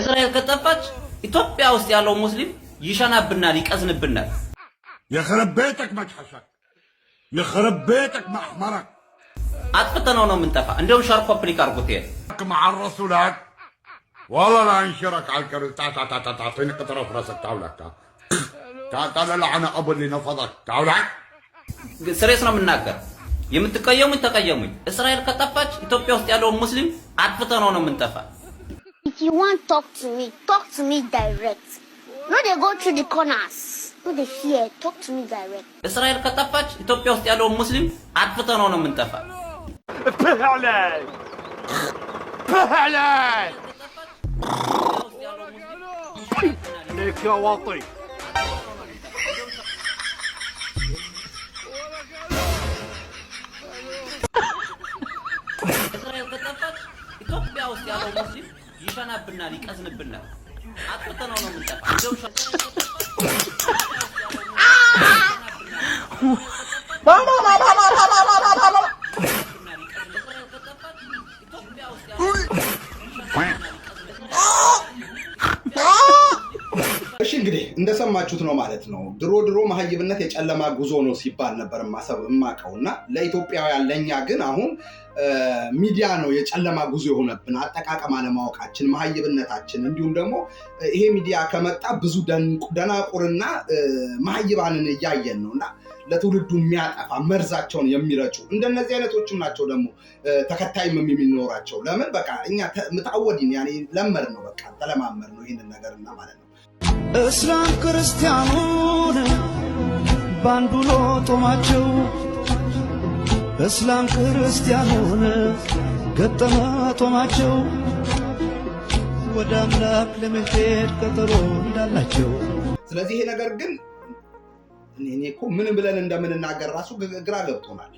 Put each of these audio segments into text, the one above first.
እስራኤል ከጠፋች ኢትዮጵያ ውስጥ ያለው ሙስሊም ይሸናብናል፣ ይቀዝንብናል። የኸረብ ቤተክ መጭሐሻክ የኸረብ ቤተክ ማሕመራክ አጥፍተነው ነው የምንጠፋ። እንዲሁም ሻር ኮምፕሊክ አርጉት ይሄ مع الرسولات والله لا انشرك على الكريم تعال تعال تعال تعال اعطيني قطره في راسك ነው የምናገር የምትቀየሙኝ ተቀየሙኝ። እስራኤል ከጠፋች ኢትዮጵያ ውስጥ ያለውን ሙስሊም አጥፍተነው ነው የምንጠፋ። you want talk to me talk to me direct no they go through the corners no they fear talk to me direct እስራኤል ከጠፋች ኢትዮጵያ ውስጥ ያለውን ሙስሊም አጥፍተ ነው ነው የምንጠፋ ፕህላይ ፕህላይ لك يا واطي ኢትዮጵያ ውስጥ ያለው muslim ይፈናብናል ይቀዝንብናል። አጥፍተነው ነው የምንጠፋ። እንግዲህ እንደሰማችሁት ነው ማለት ነው። ድሮ ድሮ መሀይብነት የጨለማ ጉዞ ነው ሲባል ነበር ማሰብ የማውቀው እና ለኢትዮጵያውያን ለእኛ ግን አሁን ሚዲያ ነው የጨለማ ጉዞ የሆነብን፣ አጠቃቀም አለማወቃችን፣ መሀይብነታችን እንዲሁም ደግሞ ይሄ ሚዲያ ከመጣ ብዙ ደናቁርና መሀይባንን እያየን ነው እና ለትውልዱ የሚያጠፋ መርዛቸውን የሚረጩ እንደነዚህ አይነቶችም ናቸው ደግሞ ተከታይም የሚኖራቸው። ለምን በቃ እኛ ምታወዲን ለመድ ነው በቃ ተለማመድ ነው ይህንን ነገርና ማለት ነው እስላም ክርስቲያኑን ባንዱ ሎጦማቸው እስላም ክርስቲያኑን ገጠመ ጦማቸው ወደ አምላክ ለመሄድ ቀጠሮ እንዳላቸው። ስለዚህ ይሄ ነገር ግን እኔ እኮ ምን ብለን እንደምንናገር ራሱ ግራ ገብቶናል።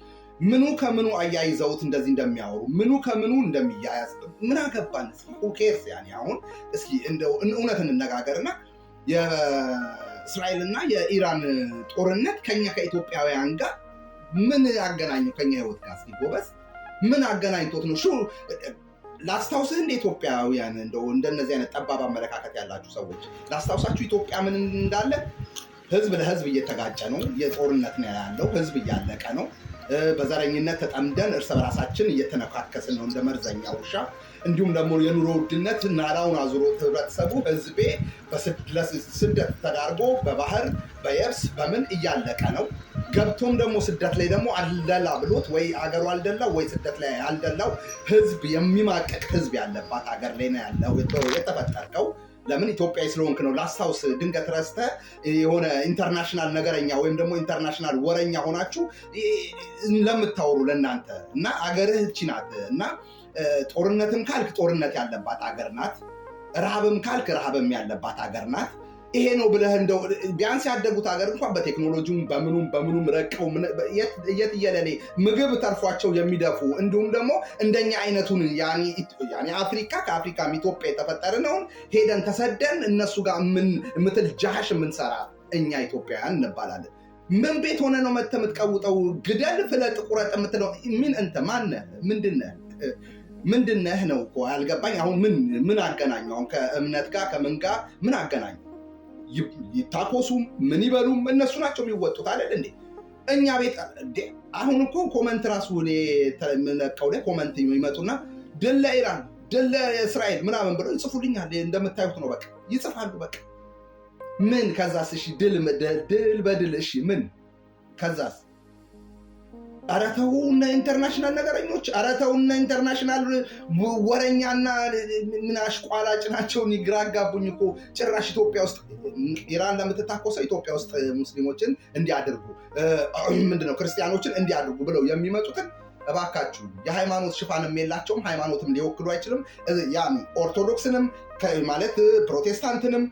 ምኑ ከምኑ አያይዘውት እንደዚህ እንደሚያወሩ ምኑ ከምኑ እንደሚያያዝ ምን አገባን? ኬርስ ያኔ አሁን እስኪ እውነት እንነጋገርና የእስራኤልና የኢራን ጦርነት ከኛ ከኢትዮጵያውያን ጋር ምን አገናኘው? ከኛ ህይወት ጋር ስጎበዝ ምን አገናኝቶት ነው? ሹ ላስታውስህ እንደ ኢትዮጵያውያን እንደው እንደነዚህ አይነት ጠባብ አመለካከት ያላችሁ ሰዎች ላስታውሳችሁ፣ ኢትዮጵያ ምን እንዳለ ህዝብ ለህዝብ እየተጋጨ ነው። የጦርነት ነው ያለው። ህዝብ እያለቀ ነው። በዘረኝነት ተጠምደን እርስ በራሳችን እየተነካከስን ነው እንደ መርዘኛ ውሻ። እንዲሁም ደግሞ የኑሮ ውድነት ናራውን አዙሮ ህብረተሰቡ ህዝቤ ስደት ተዳርጎ በባህር በየብስ በምን እያለቀ ነው። ገብቶም ደግሞ ስደት ላይ ደግሞ አልደላ ብሎት ወይ አገሩ አልደላው ወይ ስደት ላይ አልደላው ህዝብ የሚማቀቅ ህዝብ ያለባት ሀገር ላይ ነው ያለው የተፈጠርከው። ለምን ኢትዮጵያዊ ስለሆንክ ነው። ላስታውስ፣ ድንገት ረስተ የሆነ ኢንተርናሽናል ነገረኛ ወይም ደግሞ ኢንተርናሽናል ወረኛ ሆናችሁ ለምታወሩ ለእናንተ እና አገርህ እቺ ናት እና ጦርነትም ካልክ ጦርነት ያለባት አገር ናት፣ ረሃብም ካልክ ረሃብም ያለባት አገር ናት። ይሄ ነው ብለህ እንደው ቢያንስ ያደጉት ሀገር እንኳን በቴክኖሎጂውም በምኑም በምኑም ረቀው የትየለሌ ምግብ ተርፏቸው የሚደፉ እንዲሁም ደግሞ እንደኛ አይነቱን አፍሪካ ከአፍሪካ ኢትዮጵያ የተፈጠረ ነውን ሄደን ተሰደን እነሱ ጋር የምትል ጃሽ የምንሰራ እኛ ኢትዮጵያውያን እንባላለን። ምን ቤት ሆነ ነው መተ የምትቀውጠው? ግደል ፍለጥ ቁረጥ የምትለው ምን እንተ ማነ ምንድነ ምንድነህ ነው እኮ ያልገባኝ። አሁን ምን ምን አገናኘው? አሁን ከእምነት ጋር ከምን ጋር ምን አገናኘው? ይታኮሱም ምን ይበሉም እነሱ ናቸው የሚወጡት አይደል እንዴ? እኛ ቤት አሁን እኮ ኮመንት ራሱ እኔ የምለቀው ላይ ኮመንት ይመጡና ድል ለኢራን ደለ እስራኤል ምናምን ብለው ይጽፉልኛል። እንደምታዩት ነው። በቃ ይጽፋሉ። በቃ ምን ከዛስ? እሺ ድል በድል እሺ ምን ከዛስ? ኧረ ተውና ኢንተርናሽናል ነገረኞች፣ ኧረ ኢንተርናሽናል ወረኛና ምን አሽቋላጭ ናቸው። ግራ አጋቡኝ እኮ ጭራሽ ኢትዮጵያ ውስጥ ኢራን ለምትታኮሰው ኢትዮጵያ ውስጥ ሙስሊሞችን እንዲያደርጉ ምንድነው ክርስቲያኖችን እንዲያደርጉ ብለው የሚመጡትን እባካችሁ የሃይማኖት ሽፋንም የላቸውም። ሃይማኖትም ሊወክሉ አይችልም። ያን ኦርቶዶክስንም ማለት ፕሮቴስታንትንም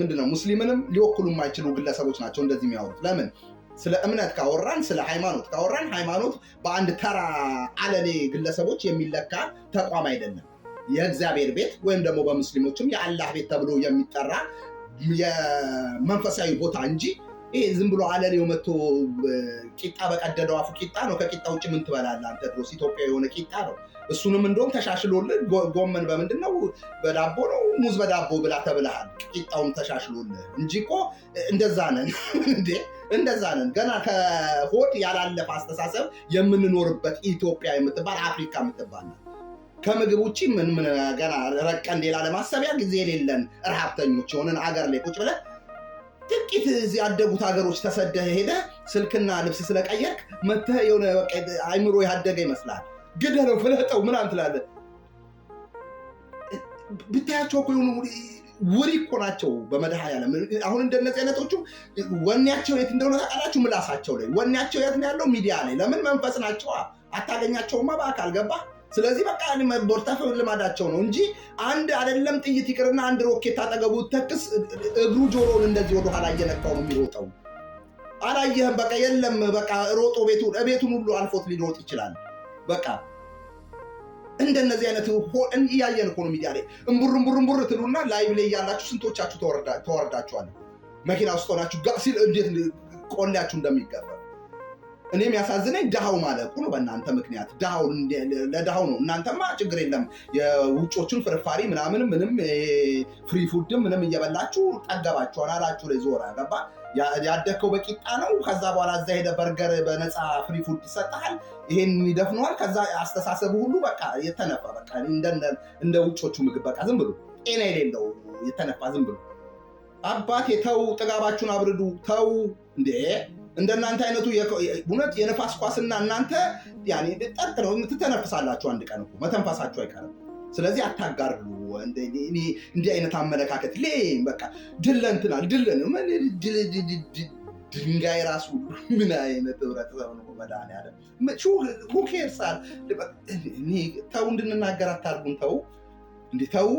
ምንድነው ሙስሊምንም ሊወክሉ የማይችሉ ግለሰቦች ናቸው እንደዚህ የሚያወሩት። ለምን ስለ እምነት ካወራን ስለ ሃይማኖት ካወራን ሃይማኖት በአንድ ተራ አለሌ ግለሰቦች የሚለካ ተቋም አይደለም። የእግዚአብሔር ቤት ወይም ደግሞ በሙስሊሞችም የአላህ ቤት ተብሎ የሚጠራ የመንፈሳዊ ቦታ እንጂ ይሄ ዝም ብሎ አለሌው መጥቶ ቂጣ በቀደደው አፉ ቂጣ ነው። ከቂጣ ውጭ ምን ትበላለህ አንተ? ድሮስ ኢትዮጵያ የሆነ ቂጣ ነው። እሱንም እንደውም ተሻሽሎልህ ጎመን በምንድን ነው በዳቦ ነው ሙዝ በዳቦ ብላ ተብልሃል። ቂጣውም ተሻሽሎልህ እንጂ እኮ እንደዛ ነን እንዴ! እንደዛ ነን ገና ከሆድ ያላለፈ አስተሳሰብ የምንኖርበት ኢትዮጵያ የምትባል አፍሪካ የምትባል ከምግብ ውጭ ምን ገና ረቀን ሌላ ለማሰቢያ ጊዜ የሌለን ረሃብተኞች የሆንን አገር ላይ ቁጭ ብለህ ጥቂት ያደጉት ሀገሮች ተሰደህ ሄደህ ስልክና ልብስ ስለቀየርክ መተህ የሆነ አይምሮ ያደገ ይመስላል። ነው ፍለጠው ምናምን ትላለህ። ብታያቸው እኮ የሆኑ ውሪ እኮ ናቸው። በመድኃኒዓለም አሁን እንደነዚህ አይነቶቹ ወኔያቸው የት እንደሆነ ታውቃላችሁ? ምላሳቸው ላይ ወኔያቸው የት ነው ያለው? ሚዲያ ላይ። ለምን መንፈስ ናቸዋ። አታገኛቸውማ በአካል ገባ ስለዚህ በቃ ቦርታፈ ልማዳቸው ነው እንጂ አንድ አደለም ጥይት ይቅርና አንድ ሮኬት አጠገቡ ተክስ እግሩ ጆሮን እንደዚህ ወደኋላ እየነካው ነው የሚሮጠው። አላየህም? በቃ የለም በቃ ሮጦ ቤቱ ቤቱን ሁሉ አልፎት ሊሮጥ ይችላል። በቃ እንደነዚህ አይነት እያየን እኮ ነው ሚዲያ ላይ እምቡር ትሉና ላይቭ ላይ እያላችሁ ስንቶቻችሁ ተወርዳችኋል? መኪና ውስጥ ሆናችሁ ጋር ሲል እንዴት ቆሌያችሁ እንደሚገባ እኔም ያሳዝነኝ ድሃው ማለቁ ነው። በእናንተ ምክንያት ለድሃው ነው። እናንተማ ችግር የለም የውጮችን ፍርፋሪ ምናምን ምንም ፍሪ ፉድም ምንም እየበላችሁ ጠገባችሁ፣ አላችሁ ላይ ዞር ያገባ ያደግከው በቂጣ ነው። ከዛ በኋላ እዛ ሄደ በርገር በነፃ ፍሪ ፉድ ይሰጠሃል። ይሄን ይደፍነዋል። ከዛ አስተሳሰቡ ሁሉ በቃ የተነፋ በቃ እንደ ውጮቹ ምግብ በቃ ዝም ብሎ ጤና የሌለው የተነፋ ዝም ብሎ አባቴ ተው፣ ጥጋባችሁን አብርዱ። ተው እንዴ እንደናንተ አይነቱ እውነት የነፋስ ኳስና እናንተ ጠርቅ ነው ትተነፍሳላችሁ። አንድ ቀን እኮ መተንፈሳችሁ አይቀርም። ስለዚህ አታጋርሉ። እንዲህ አይነት አመለካከት ሌም በቃ ድለን ትላል ድለን ድንጋይ ራሱ ምን አይነት ህብረተሰብ ነው? መድኃኒዓለም ሁኬርሳል ተው፣ እንድንናገር አታርጉን። ተው እንዲህ ተው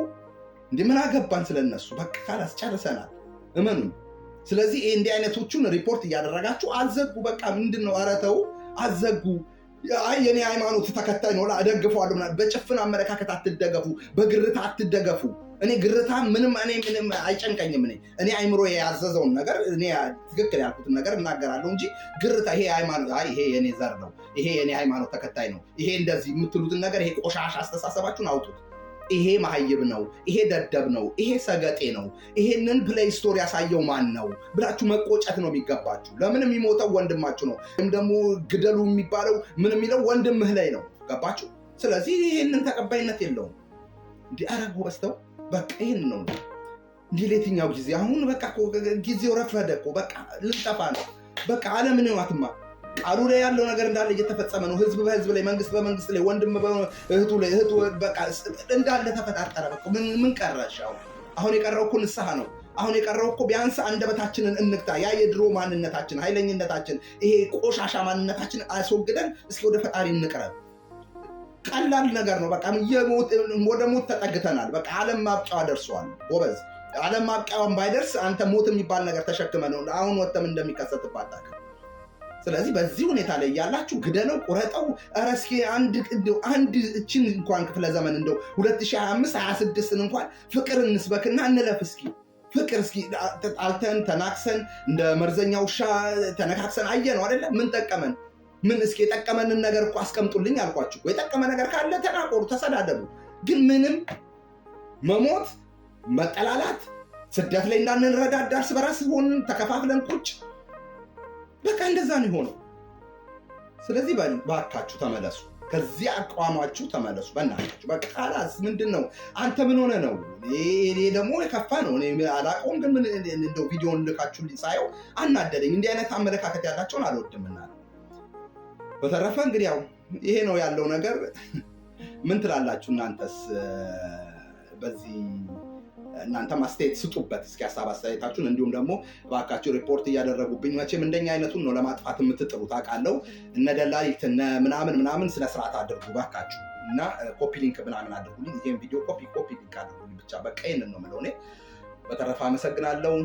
እንዲህ ምን አገባን ስለነሱ በቃ ካላስጨርሰናል። እመኑኝ። ስለዚህ ይህ እንዲህ አይነቶቹን ሪፖርት እያደረጋችሁ አዘጉ፣ በቃ ምንድን ነው አዘጉ። አይ የኔ ሃይማኖት ተከታይ ነው እደግፈዋለሁ። በጭፍን አመለካከት አትደገፉ፣ በግርታ አትደገፉ። እኔ ግርታ ምንም እኔ ምንም አይጨንቀኝም። እኔ እኔ አይምሮ ያዘዘውን ነገር እኔ ትክክል ያልኩትን ነገር እናገራለሁ እንጂ ግርታ ይሄ ሃይማኖት አይ ይሄ የኔ ዘር ነው፣ ይሄ የኔ ሃይማኖት ተከታይ ነው፣ ይሄ እንደዚህ የምትሉትን ነገር ይሄ ቆሻሻ አስተሳሰባችሁን አውጡት። ይሄ መሀይብ ነው፣ ይሄ ደደብ ነው፣ ይሄ ሰገጤ ነው፣ ይሄንን ፕሌይ ስቶር ያሳየው ማን ነው ብላችሁ መቆጨት ነው የሚገባችሁ። ለምን የሚሞተው ወንድማችሁ ነው፣ ወይም ደግሞ ግደሉ የሚባለው ምን የሚለው ወንድምህ ላይ ነው። ገባችሁ? ስለዚህ ይህንን ተቀባይነት የለውም። እንዲህ አረጉ በስተው በቃ ይህን ነው እንዲህ ለየትኛው ጊዜ አሁን በቃ ጊዜው ረፈደ እኮ በቃ ልንጠፋ ነው። በቃ አለምን ዋትማ ቃሉ ላይ ያለው ነገር እንዳለ እየተፈጸመ ነው። ህዝብ በህዝብ ላይ፣ መንግስት በመንግስት ላይ፣ ወንድም እህቱ ላይ፣ እህቱ በቃ እንዳለ ተፈጣጠረ። በቃ ምን ቀረሽ? አሁን የቀረው እኮ ንስሐ ነው። አሁን የቀረው እኮ ቢያንስ አንደበታችንን እንግታ። ያ የድሮ ማንነታችን፣ ኃይለኝነታችን፣ ይሄ ቆሻሻ ማንነታችን አስወግደን እስኪ ወደ ፈጣሪ እንቅረብ። ቀላል ነገር ነው። በቃ ወደ ሞት ተጠግተናል። በቃ ዓለም ማብቂያዋ ደርሷል። ጎበዝ ዓለም ማብቂያዋን ባይደርስ አንተ ሞት የሚባል ነገር ተሸክመ ነው አሁን ወተም እንደሚከሰትባት ስለዚህ በዚህ ሁኔታ ላይ ያላችሁ ግደለው፣ ቁረጠው። ኧረ እስኪ አንድ እንደው አንድ እችን እንኳን ክፍለ ዘመን እንደው 2025 26ን እንኳን ፍቅር እንስበክና እንለፍ እስኪ ፍቅር እስኪ ጣልተን ተናክሰን እንደ መርዘኛ ውሻ ተነካክሰን ነው አደለ? ምን ጠቀመን? ምን እስኪ የጠቀመንን ነገር እኮ አስቀምጡልኝ አልኳችሁ። የጠቀመ ነገር ካለ ተናቆሩ፣ ተሰዳደቡ። ግን ምንም መሞት፣ መጠላላት፣ ስደት ላይ እንዳንረዳዳ እርስ በራስ ተከፋፍለን ቁጭ በቃ እንደዛ ነው የሆነው። ስለዚህ ባካችሁ ተመለሱ፣ ከዚህ አቋማችሁ ተመለሱ። በእናታችሁ በቃላስ ምንድን ነው አንተ ምን ሆነ ነው? እኔ ደግሞ የከፋ ነው አላውቀውም፣ ግን እንደው ቪዲዮን ልካችሁ ሳየው አናደደኝ። እንዲህ አይነት አመለካከት ያላቸውን አልወድምና በተረፈ እንግዲህ ያው ይሄ ነው ያለው ነገር። ምን ትላላችሁ እናንተስ በዚህ እናንተ ማስተያየት ስጡበት እስኪ ሀሳብ አስተያየታችሁን። እንዲሁም ደግሞ እባካችሁ ሪፖርት እያደረጉብኝ መቼም እንደኛ አይነቱን ነው ለማጥፋት የምትጥሩ አውቃለሁ። እነ ደላሊት እነ ምናምን ምናምን ስነ ስርዓት አድርጉ እባካችሁ እና ኮፒ ሊንክ ምናምን አድርጉልኝ። ይህም ቪዲዮ ኮፒ ኮፒ ሊንክ አድርጉልኝ ብቻ በቃ ይህንን ነው የምለው እኔ። በተረፈ አመሰግናለሁ።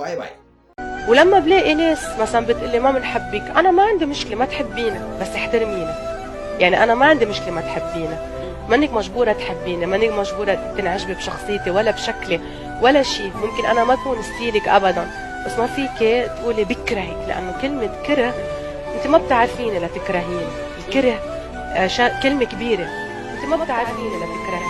ባይ ባይ። ولما بلاقي ناس مثلا بتقول لي ما بنحبك انا ما عندي مشكله ما تحبينا بس احترمينا يعني انا ما عندي مشكله ما تحبينا مانك مجبورة تحبيني مانك مجبورة تنعجبي بشخصيتي ولا بشكلي ولا شيء ممكن أنا ما أكون ستيلك أبدا بس ما فيك تقولي بكرهك لأنه كلمة كره أنت ما بتعرفيني لتكرهيني الكره آه، كلمة كبيرة أنت ما بتعرفيني لتكرهيني